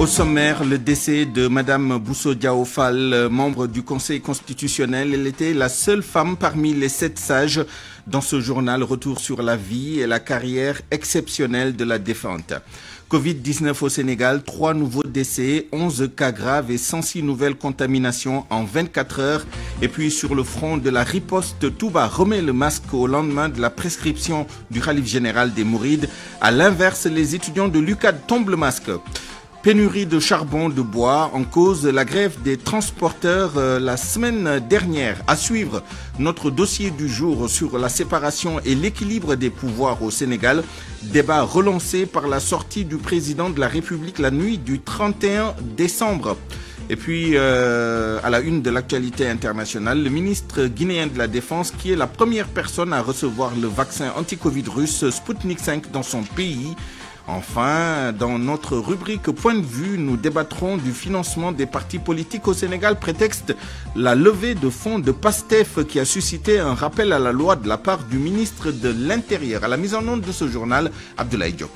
Au sommaire, le décès de Madame Bousso Diaofal, membre du Conseil constitutionnel. Elle était la seule femme parmi les sept sages. Dans ce journal, retour sur la vie et la carrière exceptionnelle de la défunte. Covid-19 au Sénégal, trois nouveaux décès, 11 cas graves et 106 nouvelles contaminations en 24 heures. Et puis sur le front de la riposte, tout va remet le masque au lendemain de la prescription du Khalif général des Mourides. À l'inverse, les étudiants de l'UCAD tombent le masque. Pénurie de charbon, de bois en cause la grève des transporteurs euh, la semaine dernière. À suivre notre dossier du jour sur la séparation et l'équilibre des pouvoirs au Sénégal. Débat relancé par la sortie du président de la République la nuit du 31 décembre. Et puis, euh, à la une de l'actualité internationale, le ministre guinéen de la Défense, qui est la première personne à recevoir le vaccin anti-Covid russe Sputnik 5 dans son pays, Enfin, dans notre rubrique Point de vue, nous débattrons du financement des partis politiques au Sénégal, prétexte la levée de fonds de PASTEF qui a suscité un rappel à la loi de la part du ministre de l'Intérieur. À la mise en onde de ce journal, Abdoulaye Diop.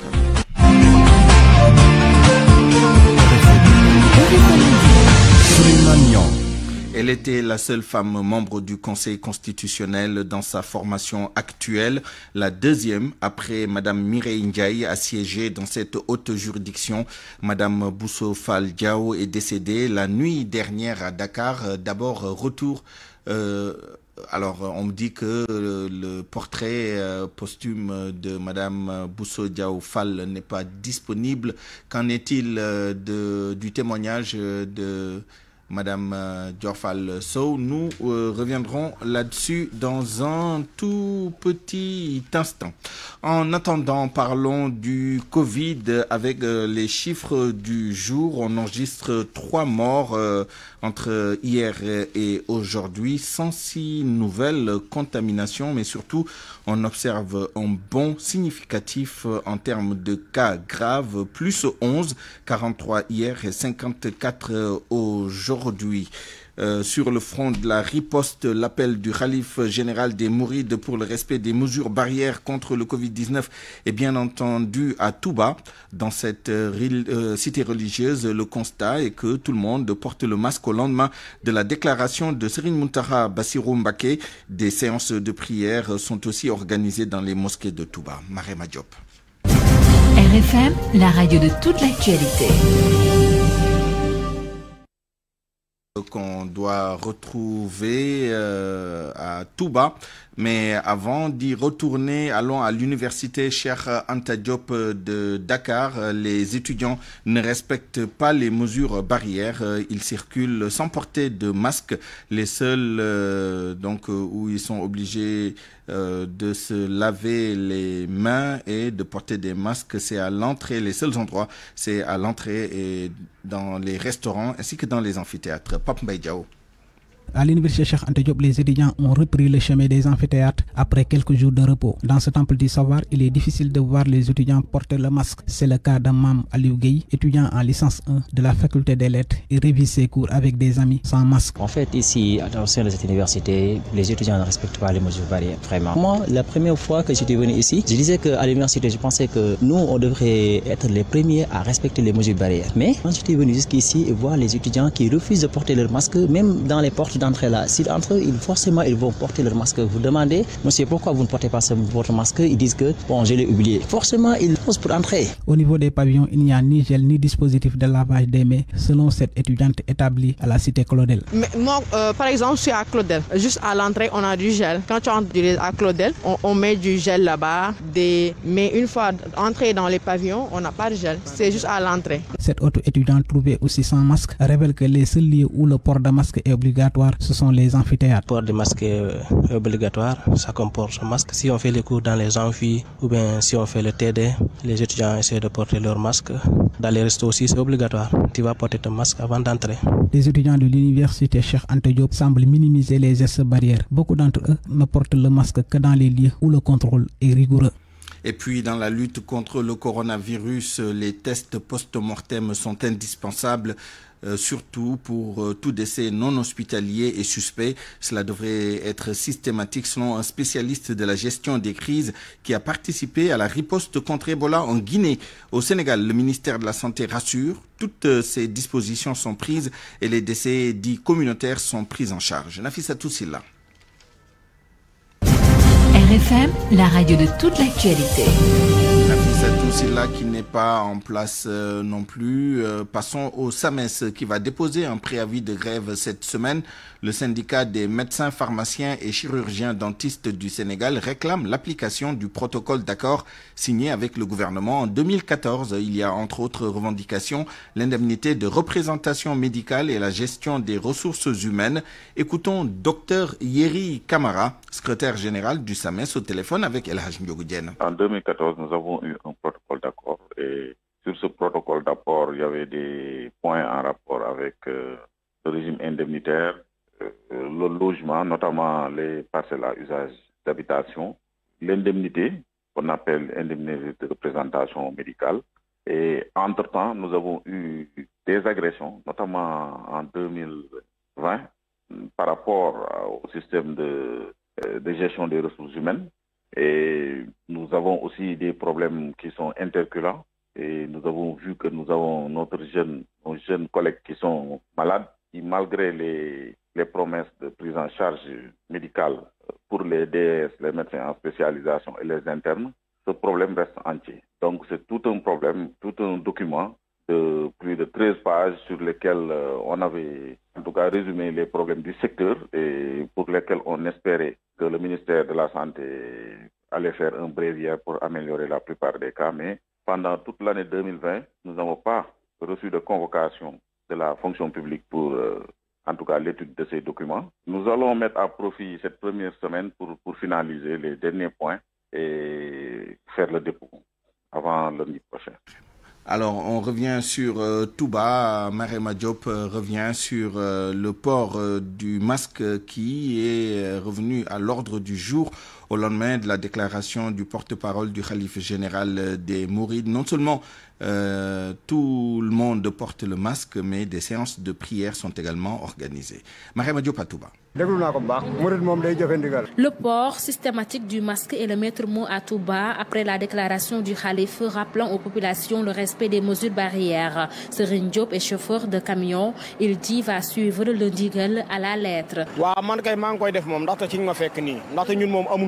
Elle était la seule femme membre du Conseil constitutionnel dans sa formation actuelle, la deuxième après Madame Mireille Ndiaye a siégé dans cette haute juridiction. Madame Bousso Diao est décédée la nuit dernière à Dakar. D'abord, retour... Euh, alors, on me dit que le, portrait euh, posthume de Madame Bousso Fal n'est pas disponible. Qu'en est-il euh, du témoignage de Madame euh, Diorfal Sow. Nous euh, reviendrons là-dessus dans un tout petit instant. En attendant, parlons du Covid avec euh, les chiffres du jour. On enregistre trois morts entre hier et aujourd'hui, 106 nouvelles contaminations, mais surtout on observe un bond significatif en termes de cas graves, plus 11, 43 hier et 54 aujourd'hui aujourd'hui. Euh, sur le front de la riposte, l'appel du calife général des Mourides pour le respect des mesures barrières contre le Covid-19 est bien entendu à Touba. Dans cette euh, euh, cité religieuse, le constat est que tout le monde porte le masque au lendemain de la déclaration de Serine Muntara Bassirou Mbake. Des séances de prière sont aussi organisées dans les mosquées de Touba. Maré Diop. RFM, la radio de toute l'actualité qu'on doit retrouver euh, à tout bas mais avant d'y retourner, allons à l'université Cher euh, Anta Diop euh, de Dakar. Euh, les étudiants ne respectent pas les mesures barrières. Ils circulent sans porter de masque. Les seuls donc où ils sont obligés de se laver les mains et de porter des masques, c'est à l'entrée. Les seuls endroits, c'est à l'entrée et dans les restaurants ainsi que dans les amphithéâtres. À l'université Cheikh Ante Diop, les étudiants ont repris le chemin des amphithéâtres après quelques jours de repos. Dans ce temple du savoir, il est difficile de voir les étudiants porter le masque. C'est le cas d'Amam Aliou Gueye, étudiant en licence 1 de la faculté des lettres. Il révise ses cours avec des amis sans masque. En fait, ici, à cette université, les étudiants ne respectent pas les mesures barrières, vraiment. Moi, la première fois que j'étais venu ici, je disais qu'à l'université, je pensais que nous, on devrait être les premiers à respecter les mesures barrières. Mais quand j'étais venu jusqu'ici et voir les étudiants qui refusent de porter leur masque, même dans les portes d'entrée-là, si entrent, ils, forcément, ils vont porter leur masque. Vous demandez, monsieur, pourquoi vous ne portez pas votre masque Ils disent que, bon, je l'ai oublié. Forcément, ils posent pour entrer. Au niveau des pavillons, il n'y a ni gel ni dispositif de lavage des mains, selon cette étudiante établie à la cité Claudel. Mais moi, euh, par exemple, je suis à Claudel. Juste à l'entrée, on a du gel. Quand tu entres à Claudel, on, met du gel là-bas. Des... Mais une fois entré dans les pavillons, on n'a pas de gel. C'est juste à l'entrée. Cette autre étudiante trouvée aussi sans masque révèle que les seuls lieux où le port de masque est obligatoire ce sont les amphithéâtres. Le port du masque est obligatoire, ça comporte un masque. Si on fait les cours dans les amphis ou bien si on fait le TD, les étudiants essaient de porter leur masque. Dans les restos aussi, c'est obligatoire. Tu vas porter ton masque avant d'entrer. Les étudiants de l'université Cheikh Ante Diop semblent minimiser les gestes barrières. Beaucoup d'entre eux ne portent le masque que dans les lieux où le contrôle est rigoureux. Et puis, dans la lutte contre le coronavirus, les tests post-mortem sont indispensables. Euh, surtout pour euh, tout décès non hospitalier et suspect. Cela devrait être systématique selon un spécialiste de la gestion des crises qui a participé à la riposte contre Ebola en Guinée. Au Sénégal, le ministère de la Santé rassure, toutes euh, ces dispositions sont prises et les décès dits communautaires sont pris en charge. Nafis Atoussila. RFM, la radio de toute l'actualité là qui n'est pas en place euh, non plus. Euh, passons au SAMES qui va déposer un préavis de grève cette semaine. Le syndicat des médecins, pharmaciens et chirurgiens dentistes du Sénégal réclame l'application du protocole d'accord signé avec le gouvernement en 2014. Il y a entre autres revendications l'indemnité de représentation médicale et la gestion des ressources humaines. Écoutons Dr Yeri Kamara, secrétaire général du SAMES au téléphone avec El Hajj En 2014, nous avons eu un protocole d'accord et sur ce protocole d'accord, il y avait des points en rapport avec euh, le régime indemnitaire euh, euh, le logement, notamment les parcelles à usage d'habitation, l'indemnité, qu'on appelle indemnité de représentation médicale. Et entre-temps, nous avons eu des agressions, notamment en 2020, par rapport au système euh, de, gestion des ressources humaines. Et nous avons aussi des problèmes qui sont interculants. Et nous avons vu que nous avons notre jeune, nos jeunes collègues qui sont malades et malgré les, les promesses de prise en charge médicale pour les DS, les médecins en spécialisation et les internes, ce problème reste entier. Donc c'est tout un problème, tout un document de plus de 13 pages sur lesquels euh, on avait en tout cas résumé les problèmes du secteur et pour lesquels on espérait que le ministère de la Santé allait faire un bréviaire pour améliorer la plupart des cas. Mais pendant toute l'année 2020, nous n'avons pas reçu de convocation de la fonction publique pour, euh, en tout cas, l'étude de ces documents. Nous allons mettre à profit cette première semaine pour, pour finaliser les derniers points et faire le dépôt avant lundi prochain. Alors, on revient sur euh, Touba. Marema Diop euh, revient sur le port du masque qui est revenu à l'ordre du jour au lendemain de la déclaration du porte-parole du calife général euh, des Mourides. Non seulement euh, tout le monde porte le masque, mais des séances de prière sont également organisées. Mariam Patouba. Le port systématique du masque et le maître mot à Touba après la déclaration du calife rappelant aux populations le respect des mesures barrières. Serine Diop est chauffeur de camion. Il dit va suivre le digel à la lettre.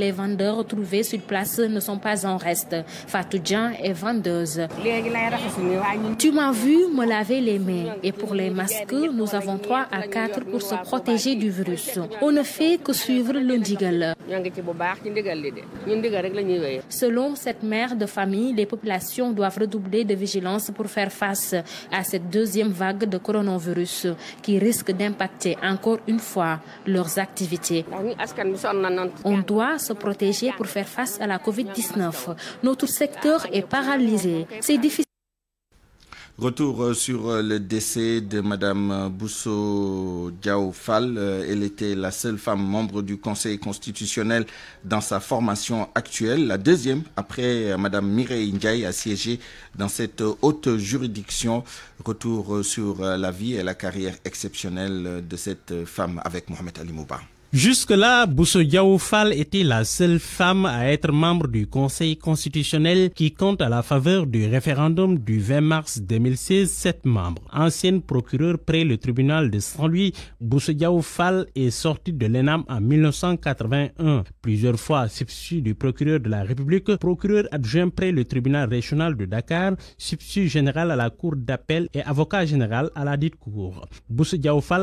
les vendeurs trouvés sur place ne sont pas en reste. Fatou Djan est vendeuse. Tu m'as vu me laver les mains et pour les masques, nous avons trois à 4 pour se protéger du virus. On ne fait que suivre le ndigal. Selon cette mère de famille, les populations doivent redoubler de vigilance pour faire face à cette deuxième vague de coronavirus qui risque d'impacter encore une fois leurs activités. On doit protéger pour faire face à la COVID-19. Notre secteur est paralysé. C'est difficile. Retour euh, sur euh, le décès de Madame euh, Bousso Diaofal. Elle était la seule femme membre du Conseil constitutionnel dans sa formation actuelle, la deuxième après Madame Mireille Ndiaye a siégé dans cette haute juridiction. Retour sur la vie et la carrière exceptionnelle de cette femme avec Mohamed Ali Mouba. Jusque-là, Bousso était la seule femme à être membre du Conseil constitutionnel qui compte à la faveur du référendum du 20 mars 2016 sept membres. Ancienne procureure près le tribunal de Saint-Louis, Bousso est sortie de l'ENAM en 1981. Plusieurs fois substitut du procureur de la République, procureur adjoint près le tribunal régional de Dakar, substitut général à la cour d'appel et avocat général à la dite cour. Bousso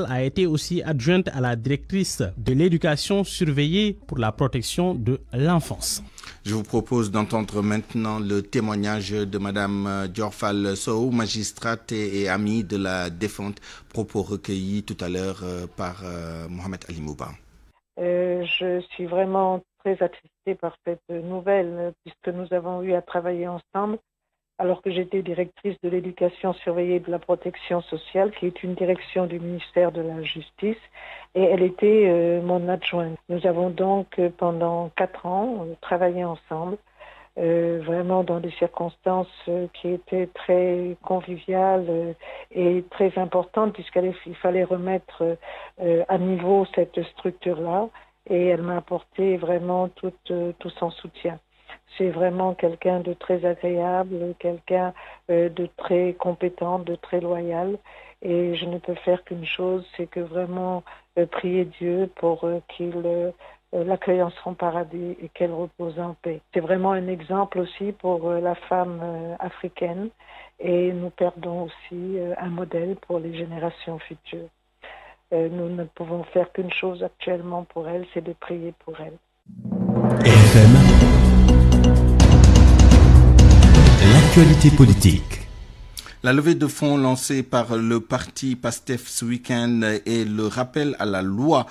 a été aussi adjointe à la directrice de l'éducation surveillée pour la protection de l'enfance. Je vous propose d'entendre maintenant le témoignage de Mme euh, Diorfal Sow, magistrate et amie de la défunte, propos recueillis tout à l'heure euh, par euh, Mohamed Ali Mouba. je suis vraiment très attristée par cette nouvelle, puisque nous avons eu à travailler ensemble alors que j'étais directrice de l'éducation surveillée de la protection sociale, qui est une direction du ministère de la Justice, et elle était euh, mon adjointe. Nous avons donc euh, pendant quatre ans euh, travaillé ensemble, vraiment dans des circonstances qui étaient très conviviales et très importantes, puisqu'il fallait remettre à niveau cette structure-là, et elle m'a apporté vraiment tout son soutien c'est vraiment quelqu'un de très agréable, quelqu'un euh, de très compétent, de très loyal. Et je ne peux faire qu'une chose, c'est que vraiment euh, prier Dieu pour euh, qu'il l'accueille en son paradis et qu'elle repose en paix. C'est vraiment un exemple aussi pour la femme africaine et nous perdons aussi un modèle pour les générations futures. Nous ne pouvons faire qu'une chose actuellement pour elle, c'est de prier pour elle. La levée de fonds lancée par le parti PASTEF ce week-end et le rappel à la loi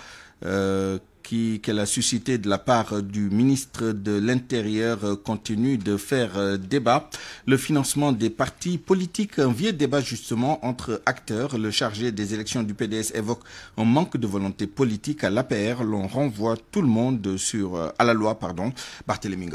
euh, qu'elle a suscité de la part du ministre de l'Intérieur euh, continue de faire euh, débat. Le financement des partis politiques, un vieux débat justement entre acteurs. Le chargé des élections du PDS évoque un manque de volonté politique à l'APR. L'on renvoie tout le monde sur, à la loi, pardon, Barthélémy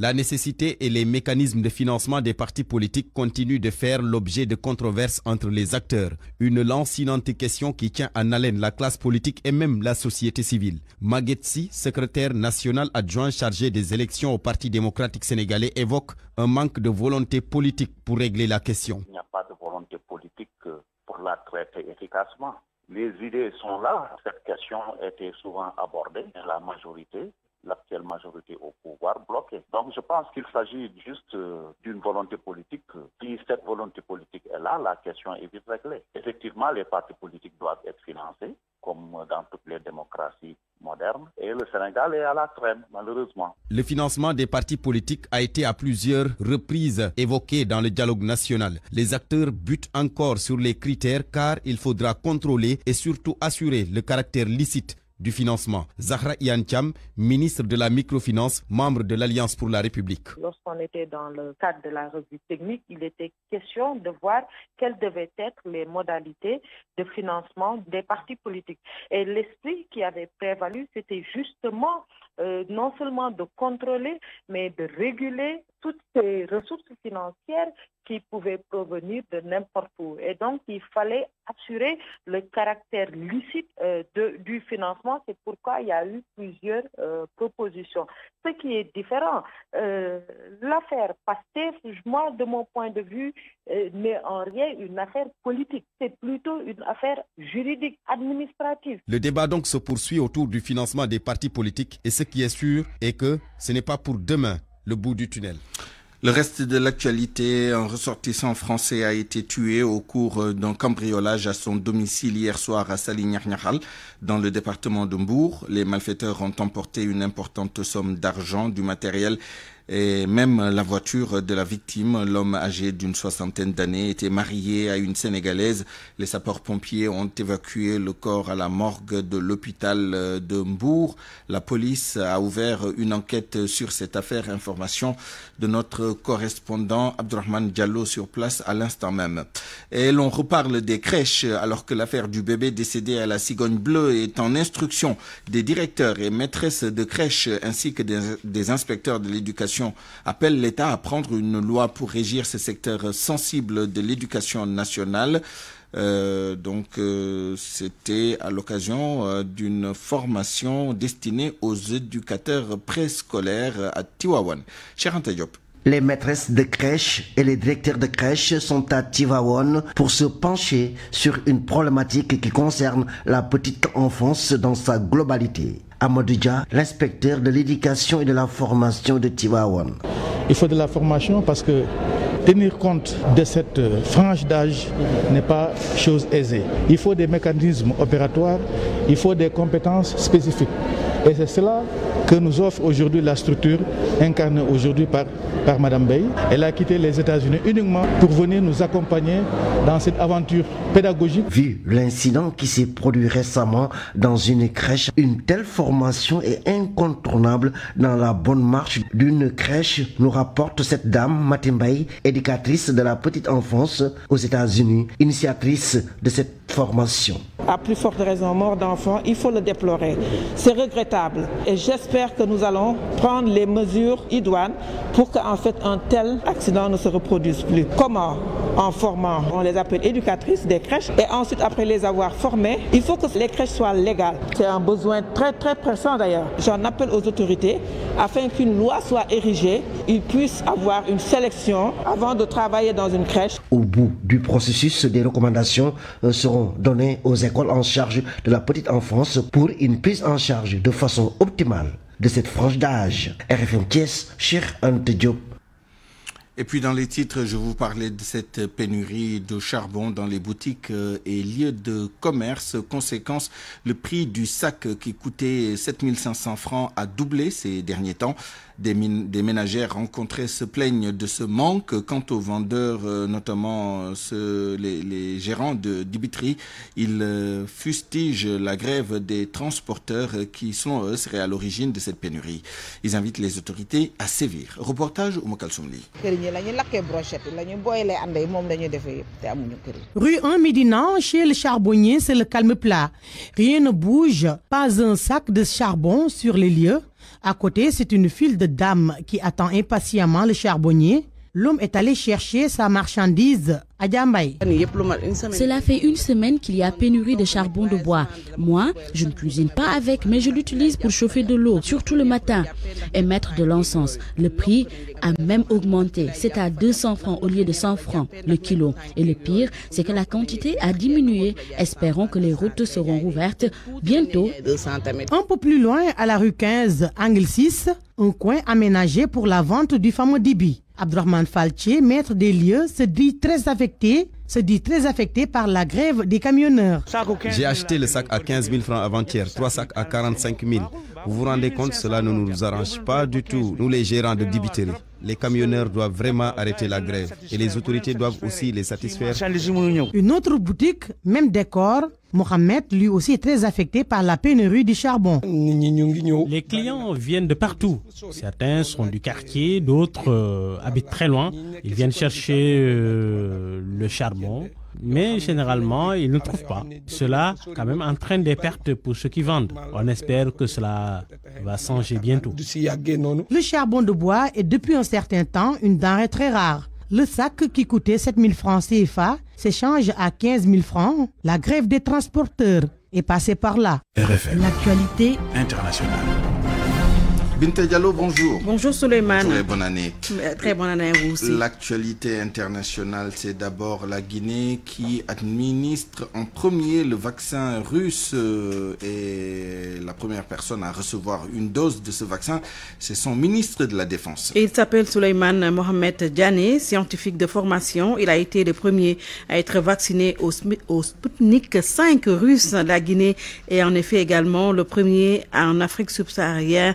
la nécessité et les mécanismes de financement des partis politiques continuent de faire l'objet de controverses entre les acteurs. Une lancinante question qui tient en haleine la classe politique et même la société civile. Magetsi, secrétaire national adjoint chargé des élections au Parti démocratique sénégalais, évoque un manque de volonté politique pour régler la question. Il n'y a pas de volonté politique euh, pour la traiter efficacement. Les idées sont là. Cette question était souvent abordée. La majorité l'actuelle majorité au pouvoir bloquée. Donc je pense qu'il s'agit juste euh, d'une volonté politique. Euh, si cette volonté politique est là, la question est vite réglée. Effectivement, les partis politiques doivent être financés, comme dans toutes les démocraties modernes, et le Sénégal est à la traîne, malheureusement. Le financement des partis politiques a été à plusieurs reprises évoqué dans le dialogue national. Les acteurs butent encore sur les critères car il faudra contrôler et surtout assurer le caractère licite du financement. Zahra Yancham, ministre de la microfinance, membre de l'Alliance pour la République. Lorsqu'on était dans le cadre de la revue technique, il était question de voir quelles devaient être les modalités de financement des partis politiques. Et l'esprit qui avait prévalu, c'était justement euh, non seulement de contrôler, mais de réguler toutes ces ressources financières qui pouvaient provenir de n'importe où. Et donc, il fallait assurer le caractère lucide euh, du financement. C'est pourquoi il y a eu plusieurs euh, propositions. Ce qui est différent, euh, l'affaire Pasté, moi, de mon point de vue, n'est en rien une affaire politique. C'est plutôt une affaire juridique, administrative. Le débat donc se poursuit autour du financement des partis politiques. Et ce qui est sûr est que ce n'est pas pour demain le bout du tunnel. Le reste de l'actualité, un ressortissant français a été tué au cours euh, d'un cambriolage à son domicile hier soir à Salignarnachal, dans le département de Les malfaiteurs ont emporté une importante somme d'argent, du matériel et même la voiture de la victime, l'homme âgé d'une soixantaine d'années, était marié à une Sénégalaise. Les sapeurs-pompiers ont évacué le corps à la morgue de l'hôpital de Mbourg. La police a ouvert une enquête sur cette affaire. Information de notre correspondant Abdurrahman Diallo sur place à l'instant même. Et l'on reparle des crèches alors que l'affaire du bébé décédé à la cigogne bleue est en instruction. Des directeurs et maîtresses de crèches ainsi que des inspecteurs de l'éducation appelle l'État à prendre une loi pour régir ce secteur sensible de l'éducation nationale. Euh, donc, euh, c'était à l'occasion euh, d'une formation destinée aux éducateurs préscolaires à Tiwawan. Cher Les maîtresses de crèche et les directeurs de crèche sont à Tiwawan pour se pencher sur une problématique qui concerne la petite enfance dans sa globalité. Amadouja, l'inspecteur de l'éducation et de la formation de Tiwawan. Il faut de la formation parce que tenir compte de cette frange d'âge n'est pas chose aisée. Il faut des mécanismes opératoires, il faut des compétences spécifiques. Et c'est cela que nous offre aujourd'hui la structure incarnée aujourd'hui par, par Madame Bay. Elle a quitté les États-Unis uniquement pour venir nous accompagner dans cette aventure pédagogique. Vu l'incident qui s'est produit récemment dans une crèche, une telle formation est incontournable dans la bonne marche d'une crèche, nous rapporte cette dame, Matimbay, éducatrice de la petite enfance aux États-Unis, initiatrice de cette formation. À plus forte raison, mort d'enfant, il faut le déplorer. C'est regrettable et j'espère que nous allons prendre les mesures pour qu'en fait un tel accident ne se reproduise plus. Comment en formant, on les appelle éducatrices des crèches, et ensuite après les avoir formées, il faut que les crèches soient légales. C'est un besoin très très pressant d'ailleurs. J'en appelle aux autorités afin qu'une loi soit érigée, ils puissent avoir une sélection avant de travailler dans une crèche. Au bout du processus, des recommandations euh, seront données aux écoles en charge de la petite enfance pour une prise en charge de façon optimale de cette frange d'âge. RFM Kies, Cher Ante Et puis dans les titres, je vous parlais de cette pénurie de charbon dans les boutiques euh, et lieux de commerce. Conséquence, le prix du sac qui coûtait 7500 francs a doublé ces derniers temps. Des, des, ménagères rencontrées se plaignent de ce manque. Quant aux vendeurs, euh, notamment euh, les, gérants de Dibitry, ils euh, fustigent la grève des transporteurs qui, selon eux, seraient à l'origine de cette pénurie. Ils invitent les autorités à sévir. Reportage au Rue 1 Médina, chez le charbonnier, c'est le calme plat. Rien ne bouge, pas un sac de charbon sur les lieux. À côté, c'est une file de dames qui attend impatiemment le charbonnier. L'homme est allé chercher sa marchandise cela fait une semaine qu'il y a pénurie de charbon de bois. Moi, je ne cuisine pas avec, mais je l'utilise pour chauffer de l'eau, surtout le matin, et mettre de l'encens. Le prix a même augmenté. C'est à 200 francs au lieu de 100 francs le kilo. Et le pire, c'est que la quantité a diminué. Espérons que les routes seront ouvertes bientôt. Un peu plus loin, à la rue 15, angle 6, un coin aménagé pour la vente du fameux Dibi. Abdurrahman Faltier, maître des lieux, se dit très affecté affecté, se dit très affecté par la grève des camionneurs. J'ai acheté le sac à 15 000 francs avant-hier, trois sacs à 45 000. Vous vous rendez compte, cela ne nous arrange pas du tout, nous les gérants de dibiterie. Les camionneurs doivent vraiment arrêter la grève et les autorités doivent aussi les satisfaire. Une autre boutique, même décor, Mohamed, lui aussi, est très affecté par la pénurie du charbon. Les clients viennent de partout. Certains sont du quartier, d'autres euh, habitent très loin. Ils viennent chercher euh, le charbon mais généralement, ils ne trouvent pas. Cela, quand même, entraîne des pertes pour ceux qui vendent. On espère que cela va changer bientôt. Le charbon de bois est depuis un certain temps une denrée très rare. Le sac qui coûtait 7 000 francs CFA s'échange à 15 000 francs. La grève des transporteurs est passée par là. L'actualité internationale. Binte Diallo, bonjour. Bonjour Souleyman. Très bonne année. Très bonne année à vous aussi. L'actualité internationale, c'est d'abord la Guinée qui administre en premier le vaccin russe euh, et la première personne à recevoir une dose de ce vaccin, c'est son ministre de la Défense. Il s'appelle Souleymane Mohamed Djani, scientifique de formation. Il a été le premier à être vacciné au, au Sputnik 5 russe. La Guinée est en effet également le premier en Afrique subsaharienne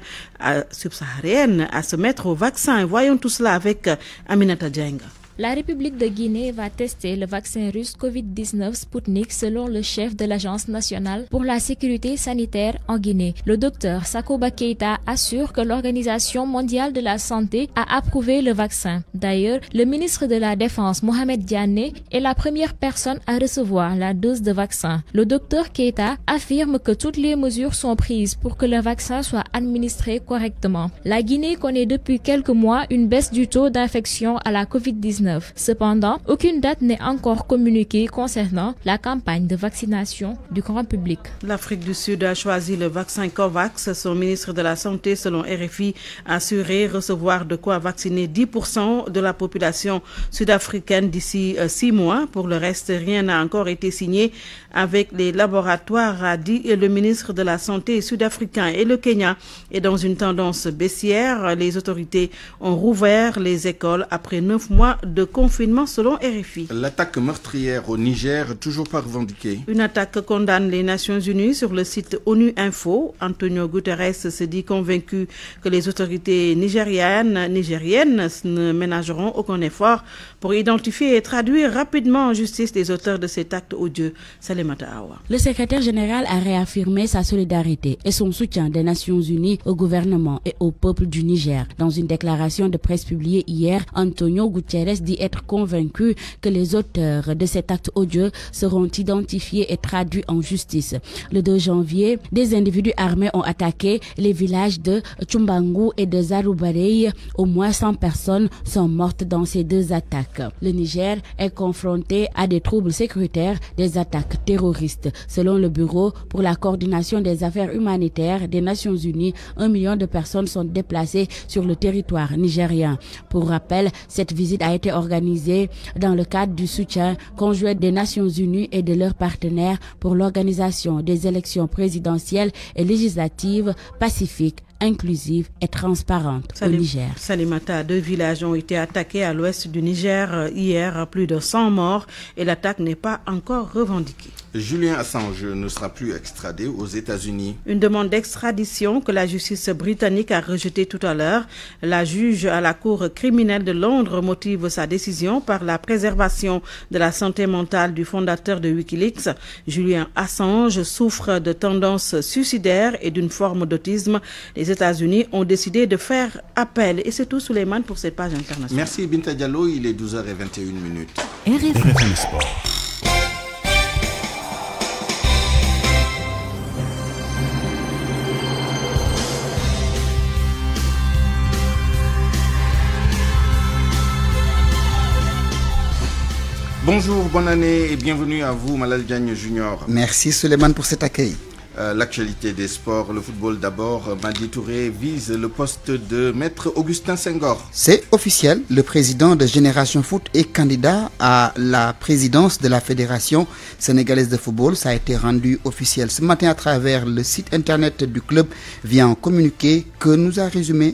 subsaharienne à se mettre au vaccin. Voyons tout cela avec euh, Aminata Djenga. La République de Guinée va tester le vaccin russe Covid-19 Sputnik selon le chef de l'Agence nationale pour la sécurité sanitaire en Guinée. Le docteur Sakoba Keita assure que l'Organisation mondiale de la santé a approuvé le vaccin. D'ailleurs, le ministre de la Défense Mohamed Diané est la première personne à recevoir la dose de vaccin. Le docteur Keita affirme que toutes les mesures sont prises pour que le vaccin soit administré correctement. La Guinée connaît depuis quelques mois une baisse du taux d'infection à la Covid-19 Cependant, aucune date n'est encore communiquée concernant la campagne de vaccination du grand public. L'Afrique du Sud a choisi le vaccin COVAX. Son ministre de la Santé, selon RFI, a assuré recevoir de quoi vacciner 10% de la population sud-africaine d'ici euh, six mois. Pour le reste, rien n'a encore été signé avec les laboratoires, a dit le ministre de la Santé sud-africain et le Kenya est dans une tendance baissière. Les autorités ont rouvert les écoles après neuf mois de de confinement selon RFI. L'attaque meurtrière au Niger, toujours pas revendiquée. Une attaque condamne les Nations Unies sur le site ONU Info. Antonio Guterres se dit convaincu que les autorités nigériennes, nigériennes ne ménageront aucun effort pour identifier et traduire rapidement en justice les auteurs de cet acte odieux. Salimata Le secrétaire général a réaffirmé sa solidarité et son soutien des Nations Unies au gouvernement et au peuple du Niger. Dans une déclaration de presse publiée hier, Antonio Guterres dit être convaincu que les auteurs de cet acte odieux seront identifiés et traduits en justice. Le 2 janvier, des individus armés ont attaqué les villages de Chumbangu et de Zarubarei. Au moins 100 personnes sont mortes dans ces deux attaques. Le Niger est confronté à des troubles sécuritaires, des attaques terroristes. Selon le Bureau pour la coordination des affaires humanitaires des Nations Unies, un million de personnes sont déplacées sur le territoire nigérien. Pour rappel, cette visite a été organisée dans le cadre du soutien conjoint des Nations Unies et de leurs partenaires pour l'organisation des élections présidentielles et législatives pacifiques inclusive et transparente au Niger. Salimata, deux villages ont été attaqués à l'ouest du Niger hier, plus de 100 morts et l'attaque n'est pas encore revendiquée. Julien Assange ne sera plus extradé aux États-Unis. Une demande d'extradition que la justice britannique a rejetée tout à l'heure. La juge à la Cour criminelle de Londres motive sa décision par la préservation de la santé mentale du fondateur de Wikileaks. Julien Assange souffre de tendances suicidaires et d'une forme d'autisme. Les États-Unis ont décidé de faire appel. Et c'est tout, Suleiman, pour cette page internationale. Merci, Binta Diallo. Il est 12h21 minutes. Bonjour, bonne année et bienvenue à vous, Malal Diagne Junior. Merci, Suleiman, pour cet accueil. Euh, l'actualité des sports, le football d'abord, Madi Touré vise le poste de maître Augustin Senghor. C'est officiel, le président de Génération Foot est candidat à la présidence de la Fédération sénégalaise de football. Ça a été rendu officiel ce matin à travers le site internet du club via un communiqué que nous a résumé.